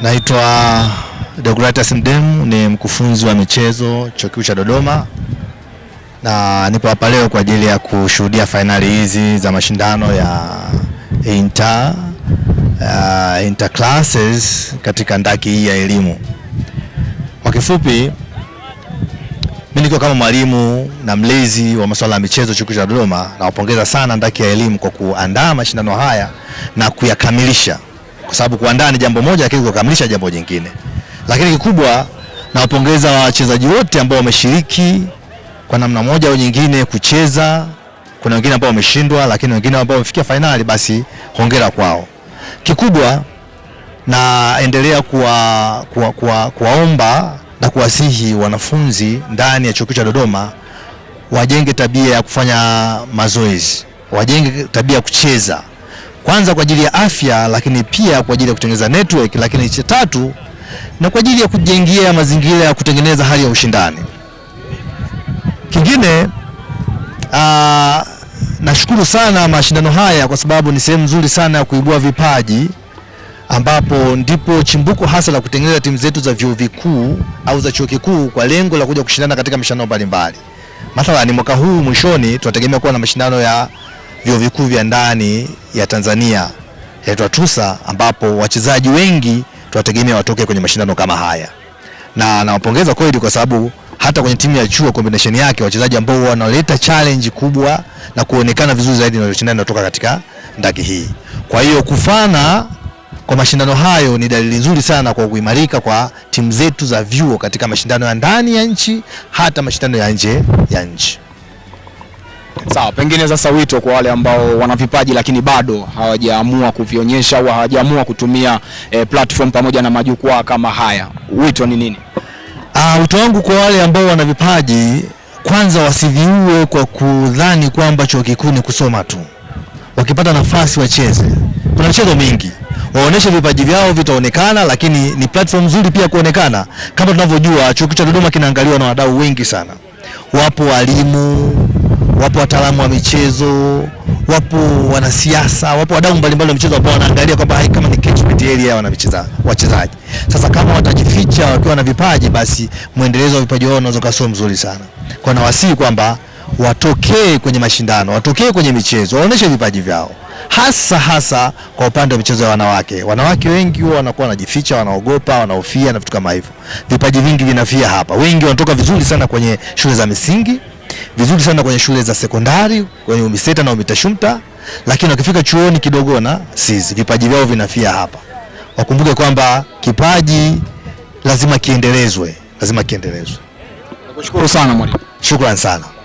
Naitwa Deogratias Mdemu, ni mkufunzi wa michezo Chuo Kikuu cha Dodoma na nipo hapa leo kwa ajili ya kushuhudia fainali hizi za mashindano ya inter, uh, inter classes katika ndaki hii ya elimu. Kwa kifupi, mimi niko kama mwalimu na mlezi wa masuala ya michezo Chuo Kikuu cha Dodoma, nawapongeza sana ndaki ya elimu kwa kuandaa mashindano haya na kuyakamilisha kwa sababu kuandaa ni jambo moja, lakini kukamilisha jambo jingine. Lakini kikubwa nawapongeza wachezaji wote ambao wameshiriki kwa namna moja au nyingine kucheza. Kuna wengine ambao wameshindwa, lakini wengine ambao wamefikia fainali, basi hongera kwao. Kikubwa naendelea kuwaomba kuwa, kuwa, kuwa na kuwasihi wanafunzi ndani ya chuo cha Dodoma wajenge tabia ya kufanya mazoezi, wajenge tabia ya kucheza kwanza kwa ajili ya afya, lakini pia kwa ajili ya kutengeneza network, lakini cha tatu na kwa ajili ya kujengea mazingira ya kutengeneza hali ya ushindani. Kingine aa, ah, nashukuru sana mashindano haya kwa sababu ni sehemu nzuri sana ya kuibua vipaji ambapo ndipo chimbuko hasa la kutengeneza timu zetu za vyuo vikuu au za chuo kikuu kwa lengo la kuja kushindana katika mashindano mbalimbali. Mathalani mwaka huu mwishoni tunategemea kuwa na mashindano ya vyuo vikuu vya ndani ya Tanzania yaitwa TUSA, ambapo wachezaji wengi tunategemea watoke kwenye mashindano kama haya, na nawapongeza kweli kwa sababu hata kwenye timu ya chuo combination yake wachezaji ambao wanaleta challenge kubwa na kuonekana vizuri zaidi na mashindano kutoka katika ndaki hii. Kwa hiyo kufana kwa mashindano hayo ni dalili nzuri sana kwa kuimarika kwa timu zetu za vyuo katika mashindano ya ndani ya nchi hata mashindano ya nje ya nchi. Sawa, pengine sasa wito kwa wale ambao wana vipaji lakini bado hawajaamua kuvionyesha au hawajaamua kutumia e, platform pamoja na majukwaa kama haya, wito ni nini? Ah, wito wangu kwa wale ambao wana vipaji kwanza, wasiviue kwa kudhani kwamba chuo kikuu ni kusoma tu. Wakipata nafasi wacheze, kuna michezo mingi waoneshe vipaji vyao, vitaonekana, lakini ni platform nzuri pia kuonekana. Kama tunavyojua chuo kikuu cha Dodoma kinaangaliwa na wadau wengi sana, wapo walimu wapo wataalamu wa michezo, wapo wanasiasa, wapo wadau mbalimbali wa michezo ambao wanaangalia kwamba hai kama ni catchment area ya wanamicheza wachezaji. Sasa kama watajificha wakiwa na vipaji, basi mwendelezo wa vipaji wao unaweza kusoma mzuri sana. Kwa nawasihi kwamba watokee kwenye mashindano, watokee kwenye michezo, waoneshe vipaji vyao hasa hasa kwa upande wa michezo ya wanawake. Wanawake wengi huwa wanakuwa wanajificha, wanaogopa, wanahofia na vitu kama hivyo. Vipaji vingi vinafia hapa. Wengi wanatoka vizuri sana kwenye shule za misingi vizuri sana kwenye shule za sekondari kwenye UMISETA na UMITASHUMTA, lakini wakifika chuoni kidogo wana sisi vipaji vyao vinafia hapa. Wakumbuke kwamba kipaji lazima kiendelezwe, lazima kiendelezwe. Nakushukuru sana mwalimu, shukrani sana.